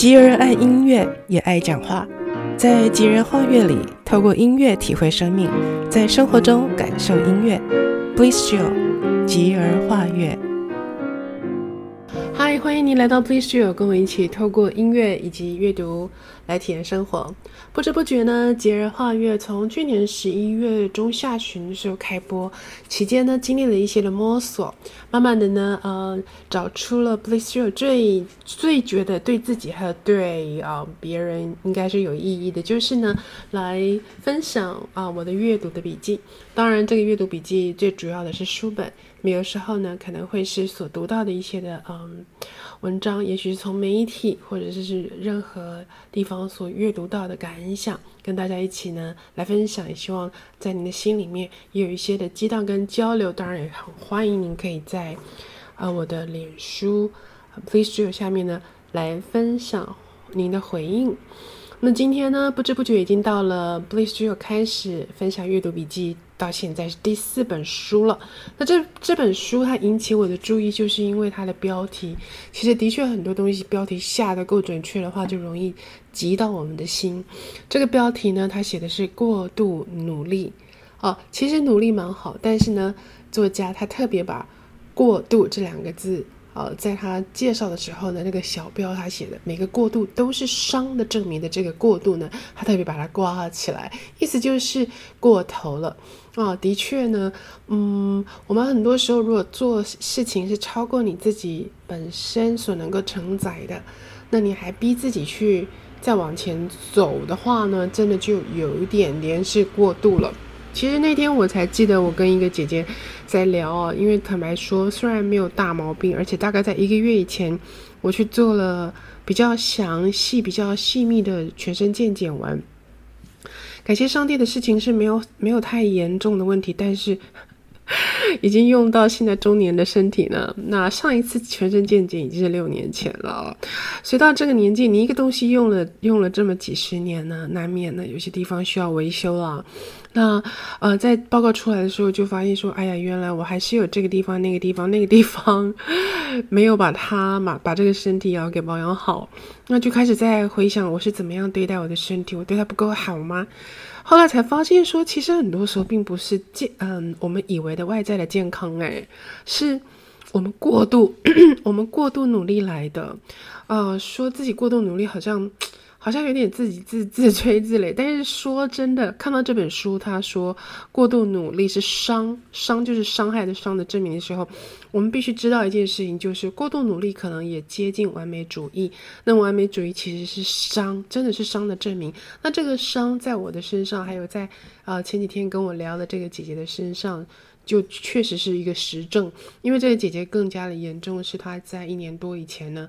吉人愛音樂，也愛講話。在吉人畫樂裡，透過音樂體會生命，在生活中感受音樂。b l e s s e j i l 吉人畫樂。嗨，歡迎您來到 b l e s s e j i l 跟我一起透過音樂以及閱讀。來體驗生活，不知不覺呢，節目跨越從去年十一月中下旬的時候開播，期間呢，經歷了一些的摸索，慢慢的呢，嗯、呃，找出了 b l i s s r o 最最覺得對自己還有對啊、呃、別人應該是有意義的，就是呢，來分享啊、呃、我的閱讀的筆記。當然，這個閱讀筆記最主要的是書本，沒有時候呢，可能會是所讀到的一些的嗯、呃、文章，也許是從媒體或者說是，是任何地方。所閱讀到的感想，跟大家一起呢來分享，也希望在您的心裡面也有一些的激盪跟交流。當然也很歡迎您可以在啊、呃、我的臉書、啊、Please Joy 下面呢來分享您的回應。那今天呢，不知不覺已經到了 Please Joy 開始分享閱讀筆記。到現在是第四本書了，那這這本書它引起我的注意，就是因為它的標題，其實的確很多東西，標題下得夠準確的話，就容易急到我們的心。這個標題呢，它寫的是過度努力，哦，其實努力蠻好，但是呢，作家他特別把“過度”這兩個字。呃、哦，在他介紹的時候呢，那個小標他寫的每個過度都是傷的證明的這個過度呢，他特別把它掛了起來，意思就是過頭了啊、哦。的確呢，嗯，我們很多時候如果做事情是超過你自己本身所能夠承載的，那你還逼自己去再往前走的話呢，真的就有一點點是過度了。其實那天我才記得，我跟一個姐姐在聊啊，因為坦白說，雖然沒有大毛病，而且大概在一個月以前，我去做了比較詳細、比較細密的全身健檢完。感謝上帝的事情是沒有沒有太嚴重的問題，但是。已經用到現在中年的身體了，那上一次全身健檢已經是六年前了。所以到這個年紀，你一個東西用了用了這麼幾十年呢，難免呢有些地方需要維修了。那呃，在報告出來的時候就發現說，哎呀，原來我還是有這個地方、那個地方、那個地方沒有把它嘛把這個身體也要給保養好。那就開始在回想我是怎麼樣對待我的身體，我對它不夠好嗎？後來才發現，說其實很多時候並不是健，嗯，我們以為的外在的健康、欸，哎，是我們過度， 我們過度努力來的，啊、呃，說自己過度努力好像。好像有點自己自自吹自擂，但是說真的，看到這本書，他說過度努力是傷，傷就是傷害的傷的證明的時候，我們必須知道一件事情，就是過度努力可能也接近完美主義，那完美主義其實是傷，真的是傷的證明。那這個傷在我的身上，還有在呃前幾天跟我聊的這個姐姐的身上。就確實是一個實證，因為這個姐姐更加的嚴重的是她，在一年多以前呢，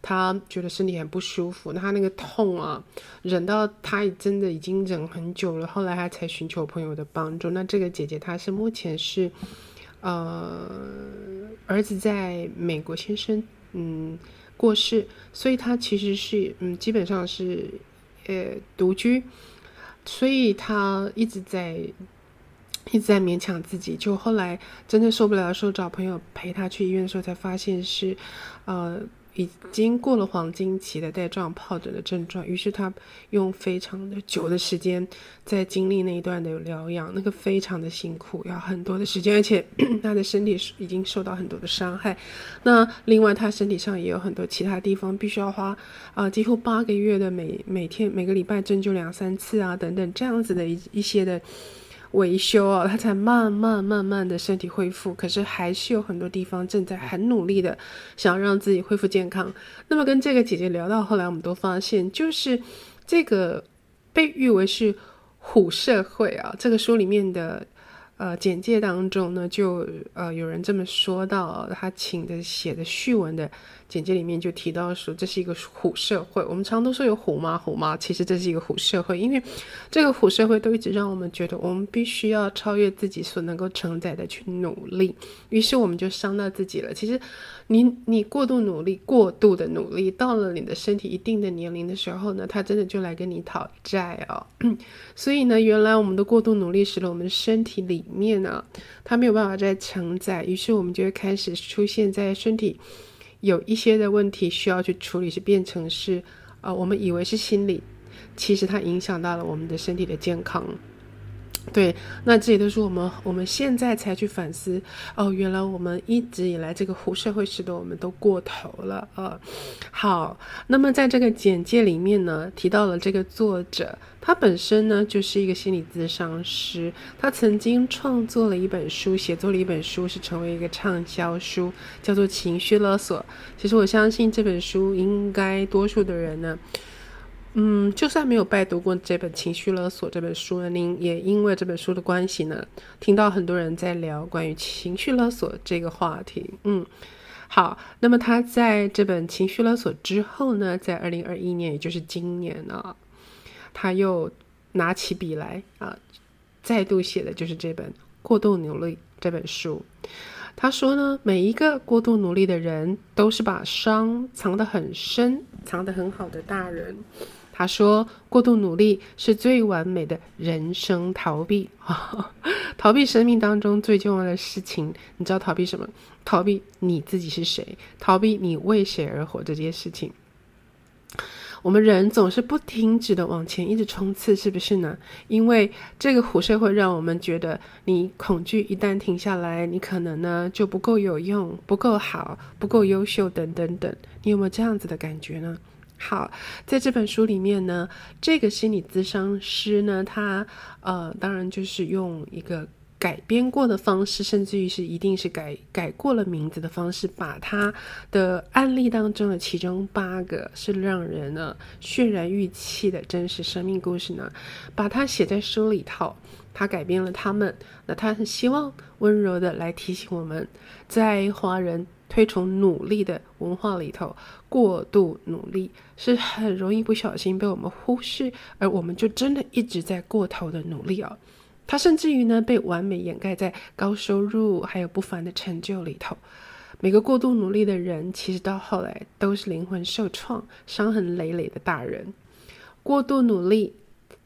她覺得身體很不舒服，她那個痛啊，忍到她真的已經忍很久了，後來她才尋求朋友的幫助。那這個姐姐她是目前是，呃，兒子在美國先生嗯過世，所以她其實是嗯基本上是呃獨居，所以她一直在。一直在勉強自己，就後來真的受不了的時候，找朋友陪他去醫院的時候，才發現是，呃，已經過了黃金期的帶狀疱疹的症狀。於是他用非常的久的時間在經歷那一段的療養，那個非常的辛苦，要很多的時間，而且他的身體已經受到很多的傷害。那另外，他身體上也有很多其他地方，必須要花啊，呃，幾乎八個月的每每天每個禮拜針灸兩三次啊，等等這樣子的一一些的。維修啊、哦，她才慢慢慢慢的身體恢復，可是還是有很多地方正在很努力的想要讓自己恢復健康。那麼跟這個姐姐聊到後來，我們都發現，就是這個被譽為是“虎社會”啊，這個書裡面的。呃，簡介當中呢，就呃有人這麼說到，他請的寫的序文的簡介裡面就提到說，這是一個虎社會。我們常都說有虎媽虎媽，其實這是一個虎社會，因為這個虎社會都一直讓我們覺得，我們必須要超越自己所能夠承載的去努力，於是我們就傷到自己了。其實。你你過度努力，過度的努力，到了你的身體一定的年齡的時候呢，它真的就來跟你討債哦。 所以呢，原來我們的過度努力使得我們的身體裡面呢，它沒有辦法再承載，於是我們就會開始出現在身體有一些的問題需要去處理，是變成是，呃，我們以為是心理，其實它影響到了我們的身體的健康。對，那這也都是我們我們現在才去反思哦。原來我們一直以來這個虎社會使得，我們都過頭了啊、嗯。好，那麼在這個簡介裡面呢，提到了這個作者，他本身呢就是一個心理諮商師，他曾經創作了一本書，寫作了一本書，是成為一個暢銷書，叫做《情緒勒索》。其實我相信這本書，應該多數的人呢。嗯，就算沒有拜讀過這本《情緒勒索》這本書呢，您也因為這本書的關係呢，聽到很多人在聊關於情緒勒索這個話題。嗯，好，那麼他在這本《情緒勒索》之後呢，在二零二一年，也就是今年呢，哦，他又拿起筆來啊，再度寫的就是這本《過度努力》這本書。他說呢，每一個過度努力的人，都是把傷藏得很深、藏得很好的大人。他說：“過度努力是最完美的人生逃避， 逃避生命當中最重要的事情。你知道逃避什麼？逃避你自己是誰，逃避你為誰而活這件事情。我們人總是不停止地往前一直衝刺，是不是呢？因為這個虎社會讓我們覺得，你恐懼一旦停下來，你可能呢就不夠有用，不夠好，不夠優秀，等等等。你有沒有這樣子的感覺呢？”好，在這本書裡面呢，這個心理諮商師呢，他呃，當然就是用一個改編過的方式，甚至於是一定是改改過了名字的方式，把他的案例當中的其中八個是讓人呢泫然欲泣的真實生命故事呢，把它寫在書裡頭，他改變了他們，那他很希望溫柔的來提醒我們，在華人推崇努力的文化裡頭。過度努力是很容易不小心被我們忽視，而我們就真的一直在過頭的努力哦，他甚至於呢被完美掩蓋在高收入還有不凡的成就裡頭。每個過度努力的人，其實到後來都是靈魂受創、傷痕累累的大人。過度努力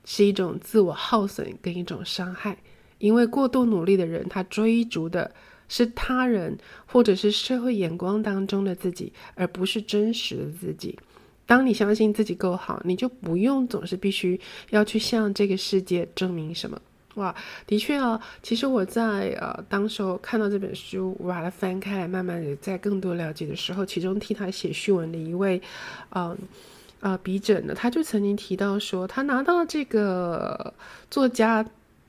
是一種自我耗損跟一種傷害，因為過度努力的人，他追逐的是他人或者是社會眼光當中的自己，而不是真實的自己。當你相信自己夠好，你就不用總是必須要去向這個世界證明什麼。哇，的確啊，其實我在呃當時看到這本書，我把它翻開慢慢的在更多了解的時候，其中替他寫序文的一位，嗯、呃，呃，筆者呢，他就曾經提到說，他拿到這個作家，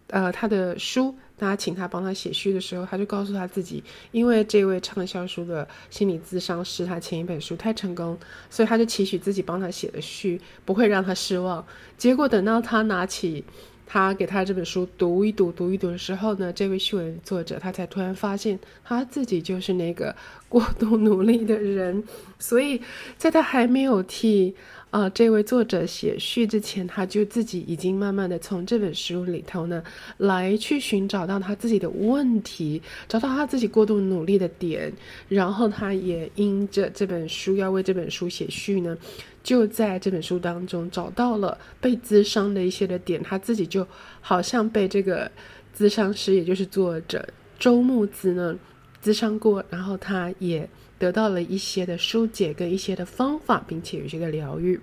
呃，他的書。大家請他幫他寫序的時候，他就告訴他自己，因為這位暢銷書的心理諮商師，他前一本書太成功，所以他就期許自己幫他寫的序不會讓他失望。結果等到他拿起他給他這本書讀一讀、讀一讀的時候呢，這位序文作者他才突然發現他自己就是那個過度努力的人，所以在他還沒有替。啊、呃，這位作者寫序之前，他就自己已經慢慢的從這本書裡頭呢，來去尋找到他自己的問題，找到他自己過度努力的點，然後他也因着這本書要為這本書寫序呢，就在這本書當中找到了被諮商的一些的點，他自己就好像被這個諮商師，也就是作者周慕姿呢諮商過，然後他也。得到了一些的疏解跟一些的方法，並且有這個療癒。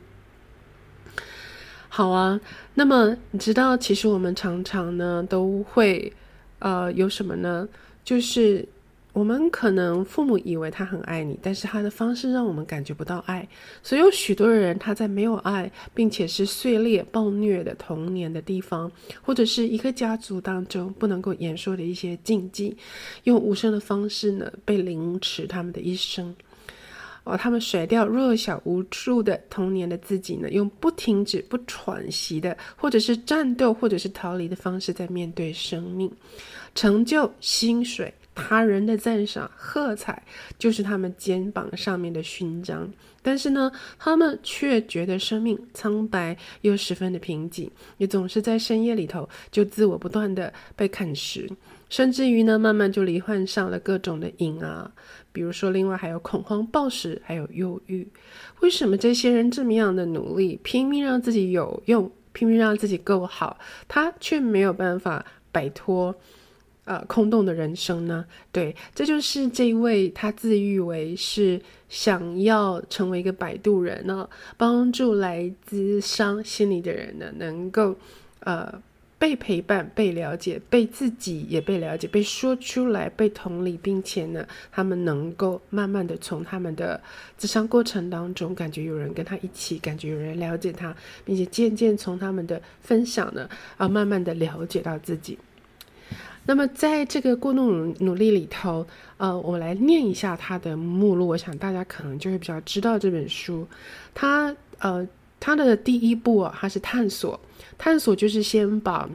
好啊，那麼你知道，其實我們常常呢都會，呃，有什麼呢？就是。我們可能父母以為他很愛你，但是他的方式讓我們感覺不到愛。所以有許多人，他在沒有愛，並且是碎裂、暴虐的童年的地方，或者是一個家族當中不能夠言說的一些禁忌，用無聲的方式呢，被凌遲他們的一生。哦，他們甩掉弱小無助的童年的自己呢，用不停止、不喘息的，或者是戰鬥，或者是逃離的方式，在面對生命，成就薪水。他人的讚賞、喝彩，就是他們肩膀上面的勳章。但是呢，他們卻覺得生命蒼白又十分的貧瘠，也總是在深夜裡頭就自我不斷地被啃食，甚至於呢，慢慢就罹患上了各種的癮啊，比如說，另外還有恐慌、暴食，還有憂鬱。為什麼這些人這麼樣的努力，拼命讓自己有用，拼命讓自己夠好，他卻沒有辦法擺脫？呃，空洞的人生呢？對，這就是這一位他自喻為是想要成為一個擺渡人呢、哦，幫助來諮商心理的人呢，能夠呃被陪伴、被了解、被自己也被了解、被說出來、被同理，並且呢，他們能夠慢慢的從他們的諮商過程當中，感覺有人跟他一起，感覺有人了解他，並且漸漸從他們的分享呢，啊、呃，慢慢的了解到自己。那麼，在這個過度努力裡頭，呃，我來念一下它的目錄。我想大家可能就會比較知道這本書。它，呃，它的第一步、哦，啊，它是探索。探索就是先把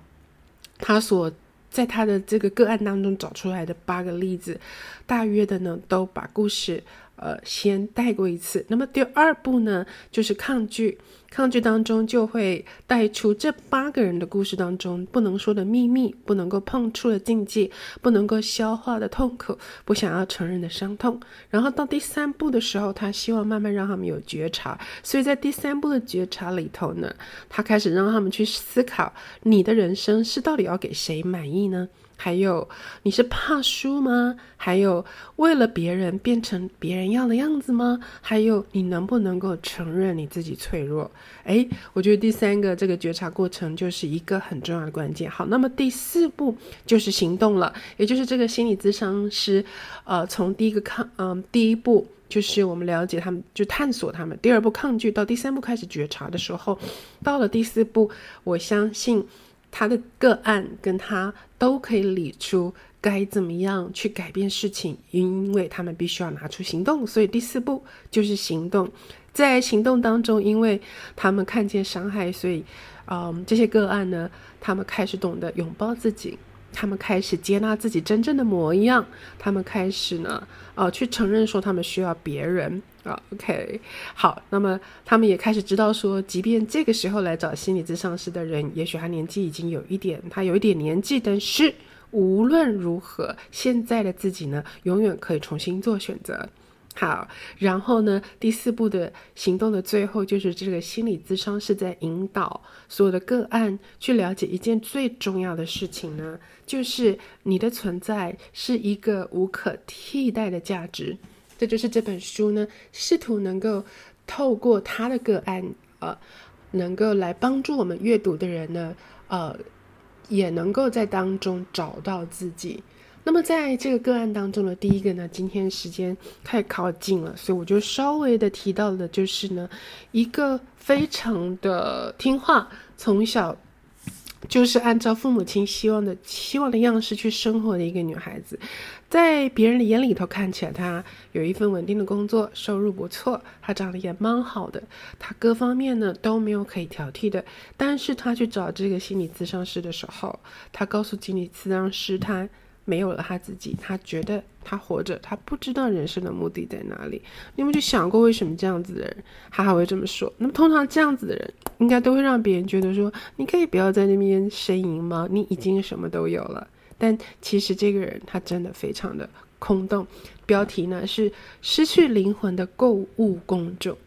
他所在他的這個個案當中找出來的八個例子，大約的呢，都把故事。呃，先帶過一次。那麼第二步呢，就是抗拒。抗拒當中就會帶出這八個人的故事當中不能說的秘密，不能夠碰觸的禁忌，不能夠消化的痛苦，不想要承認的傷痛。然後到第三步的時候，他希望慢慢讓他們有覺察。所以在第三步的覺察裡頭呢，他開始讓他們去思考，你的人生是到底要給誰滿意呢？還有，你是怕輸嗎？還有，為了別人變成別人要的樣子嗎？還有，你能不能夠承認你自己脆弱？哎，我覺得第三個這個覺察過程就是一個很重要的關鍵。好，那麼第四步就是行動了，也就是這個心理諮商師，呃，從第一個抗，嗯、呃，第一步就是我們了解他們，就探索他們；第二步抗拒，到第三步開始覺察的時候，到了第四步，我相信。他的個案跟他都可以理出該怎麼樣去改變事情，因為他們必須要拿出行動，所以第四步就是行動。在行動當中，因為他們看見傷害，所以，嗯、呃，這些個案呢，他們開始懂得擁抱自己。他們開始接納自己真正的模樣，他們開始呢，啊、呃，去承認說他們需要別人啊、哦。OK，好，那麼他們也開始知道說，即便這個時候來找心理諮商師的人，也許他年紀已經有一點，他有一點年紀，但是無論如何，現在的自己呢，永遠可以重新做選擇。好，然後呢，第四步的行動的最後，就是這個心理諮商是在引導所有的個案去了解一件最重要的事情呢，就是你的存在是一個無可替代的價值。這就是這本書呢，試圖能夠透過他的個案，呃，能夠來幫助我們閱讀的人呢，呃，也能夠在當中找到自己。那麼在這個個案當中呢，第一個呢，今天時間太靠近了，所以我就稍微的提到的，就是呢，一個非常的聽話，從小就是按照父母親希望的希望的樣式去生活的一個女孩子，在別人的眼裡頭看起來，她有一份穩定的工作，收入不錯，她長得也蠻好的，她各方面呢都沒有可以挑剔的。但是她去找這個心理諮商師的時候，她告訴心理諮商師她。沒有了他自己，他覺得他活着，他不知道人生的目的在哪裡。你有沒有去想過為什麼這樣子的人，他還會這麼說？那麼通常這樣子的人，應該都會讓別人覺得說，你可以不要在那邊呻吟嗎？你已經什麼都有了。但其實這個人他真的非常的空洞。標題呢是失去靈魂的購物公眾。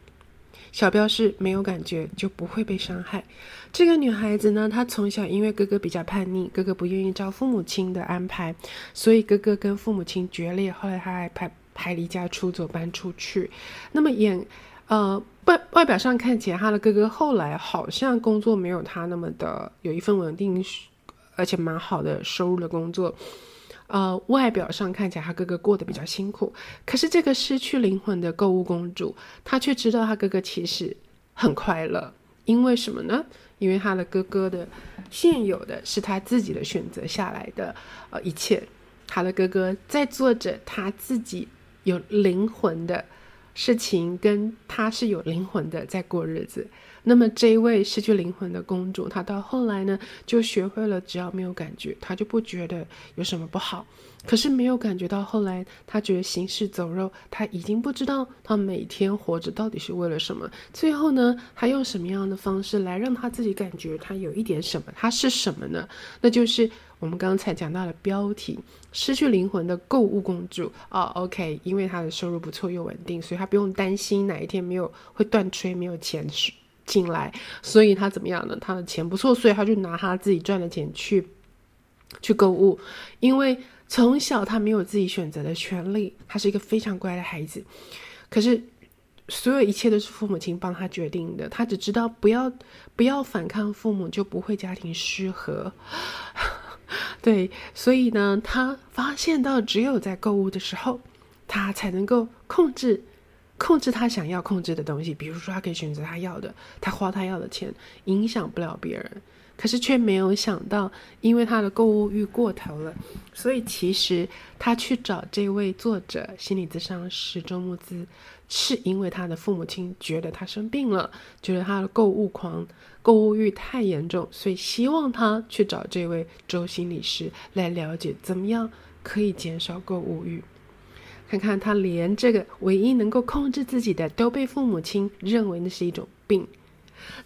小標是沒有感覺，就不會被傷害。這個女孩子呢，她從小因為哥哥比較叛逆，哥哥不願意照父母親的安排，所以哥哥跟父母親決裂。後來她還還還離家出走，搬出去。那麼眼，呃外、外表上看起來，她的哥哥後來好像工作沒有她那麼的有一份穩定，而且蠻好的收入的工作。呃，外表上看起來，他哥哥過得比較辛苦，可是這個失去靈魂的購物公主，她卻知道她哥哥其實很快樂，因為什麼呢？因為他的哥哥的現有的是他自己的選擇下來的呃，一切，他的哥哥在做着他自己有靈魂的事情，跟他是有靈魂的在過日子。那麼這一位失去靈魂的公主，她到後來呢，就學會了只要沒有感覺，她就不覺得有什麼不好。可是沒有感覺到後來，她覺得行屍走肉，她已經不知道她每天活着到底是為了什麼。最後呢，她用什麼樣的方式來讓她自己感覺她有一點什麼？她是什麼呢？那就是我們剛才講到的標題：失去靈魂的購物公主。哦，OK，因為她的收入不錯又穩定，所以她不用擔心哪一天沒有，會斷炊，沒有錢吃。進來，所以他怎麼樣呢？他的錢不錯，所以他就拿他自己賺的錢去去購物。因為從小他沒有自己選擇的權利，他是一個非常乖的孩子。可是所有一切都是父母親幫他決定的，他只知道不要不要反抗父母，就不會家庭失和。 對，所以呢，他發現到只有在購物的時候，他才能夠控制。控制他想要控制的東西，比如說他可以選擇他要的，他花他要的錢，影響不了別人。可是卻沒有想到，因為他的購物慾過頭了，所以其實他去找這位作者、心理諮商師周慕姿，是因為他的父母親覺得他生病了，覺得他的購物狂、購物慾太嚴重，所以希望他去找這位周心理師來了解怎麼樣可以減少購物慾。看看他連這個唯一能夠控制自己的都被父母親認為那是一種病，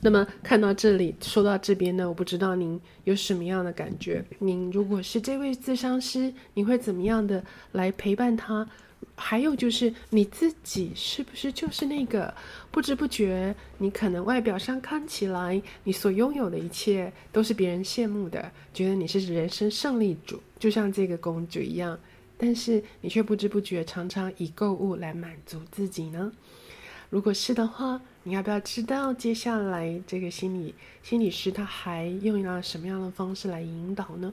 那麼看到這裡，說到這邊呢，我不知道您有什麼樣的感覺？您如果是這位諮商師，您會怎麼樣的來陪伴他？還有就是你自己是不是就是那個不知不覺，你可能外表上看起來你所擁有的一切都是別人羨慕的，覺得你是人生勝利組，就像這個公主一樣。但是你卻不知不覺常常以購物來滿足自己呢？如果是的話，你要不要知道接下來這個心理心理師他還用了什麼樣的方式來引導呢？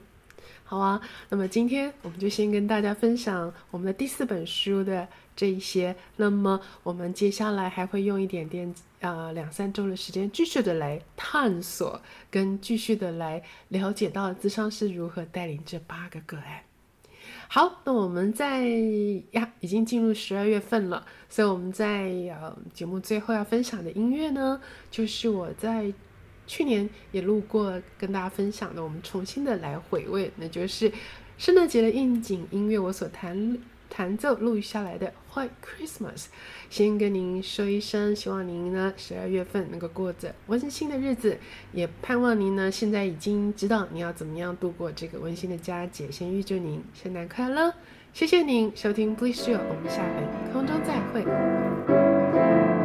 好啊，那麼今天我們就先跟大家分享我們的第四本書的這一些。那麼我們接下來還會用一點點啊、呃、兩三周的時間繼續的來探索，跟繼續的來了解到諮商是如何帶領這八個個案。好，那我們在呀，已經進入十二月份了，所以我們在呃節目最後要分享的音樂呢，就是我在去年也錄過跟大家分享的，我們重新的來回味，那就是聖誕節的應景音樂，我所彈彈奏錄下來的 White Christmas，先跟您說一聲，希望您呢十二月份能夠過着溫馨的日子，也盼望您呢現在已經知道你要怎麼樣度過這個溫馨的佳節，先預祝您聖誕快樂，謝謝您收聽 Please You，我們下回空中再會。